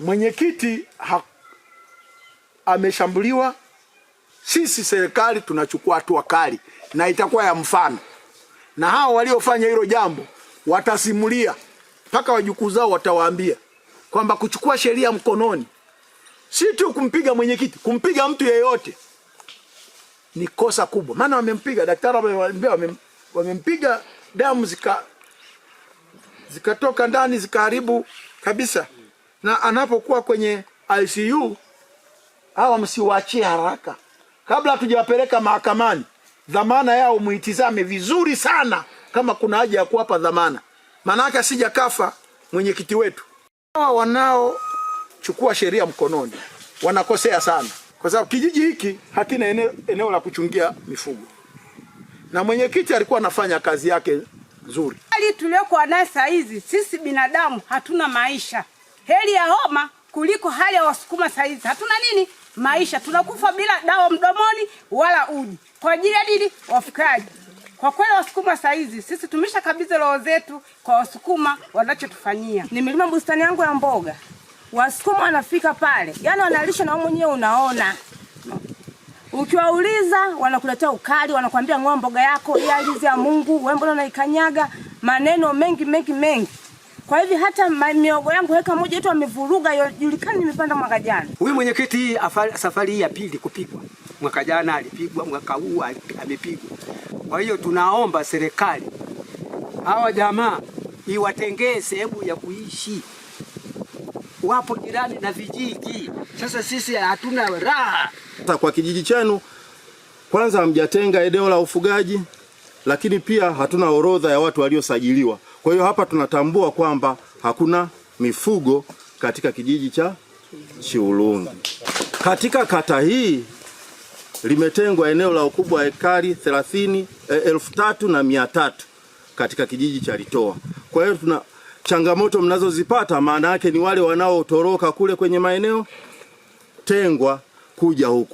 Mwenyekiti ameshambuliwa. Sisi serikali tunachukua hatua kali na itakuwa ya mfano, na hao waliofanya hilo jambo watasimulia mpaka wajukuu zao, watawaambia kwamba kuchukua sheria mkononi, si tu kumpiga mwenyekiti, kumpiga mtu yeyote ni kosa kubwa. Maana wamempiga daktari, wamempiga wame damu zikatoka ndani zikaharibu kabisa na anapokuwa kwenye ICU hawa msiwaachie haraka, kabla hatujawapeleka mahakamani. Dhamana yao muitizame vizuri sana, kama kuna haja ya kuwapa dhamana, maanake asija kafa mwenyekiti wetu. Hawa wanaochukua sheria mkononi wanakosea sana, kwa sababu kijiji hiki hakina eneo, eneo la kuchungia mifugo, na mwenyekiti alikuwa anafanya kazi yake nzuri. Hali tuliokuwa naye saa hizi sisi binadamu hatuna maisha heri ya homa kuliko hali ya wasukuma saizi. Hatuna nini maisha, tunakufa bila dawa mdomoni wala uji kwa ajili ya nini? Wafukaji. Kwa kweli wasukuma saizi sisi tumesha kabidhi roho zetu kwa wasukuma wanachotufanyia. Nimelima bustani yangu ya mboga, wasukuma wanafika pale, yani wanalisha na mwenyewe unaona Ukiwauliza wanakuletea ukali, wanakuambia ng'oa mboga yako, hii ardhi ya Mungu, wewe mbona unaikanyaga? Maneno mengi mengi mengi. Kwa hivyo hata miogo yangu heka moja yetu amevuruga, yulikani nimepanda mwaka jana. Huyu mwenyekiti safari hii ya pili kupigwa, mwaka jana alipigwa, mwaka huu amepigwa. Kwa hiyo tunaomba serikali hawa jamaa iwatengee sehemu ya kuishi, wapo jirani na vijiji. Sasa sisi hatuna raha. Kwa kijiji chenu kwanza hamjatenga eneo la ufugaji lakini pia hatuna orodha ya watu waliosajiliwa. Kwa hiyo hapa tunatambua kwamba hakuna mifugo katika kijiji cha Chiulungi. Katika kata hii limetengwa eneo la ukubwa wa ekari thelathini eh, elfu tatu na mia tatu katika kijiji cha Litoa. Kwa hiyo tuna changamoto mnazozipata, maana yake ni wale wanaotoroka kule kwenye maeneo tengwa kuja huku.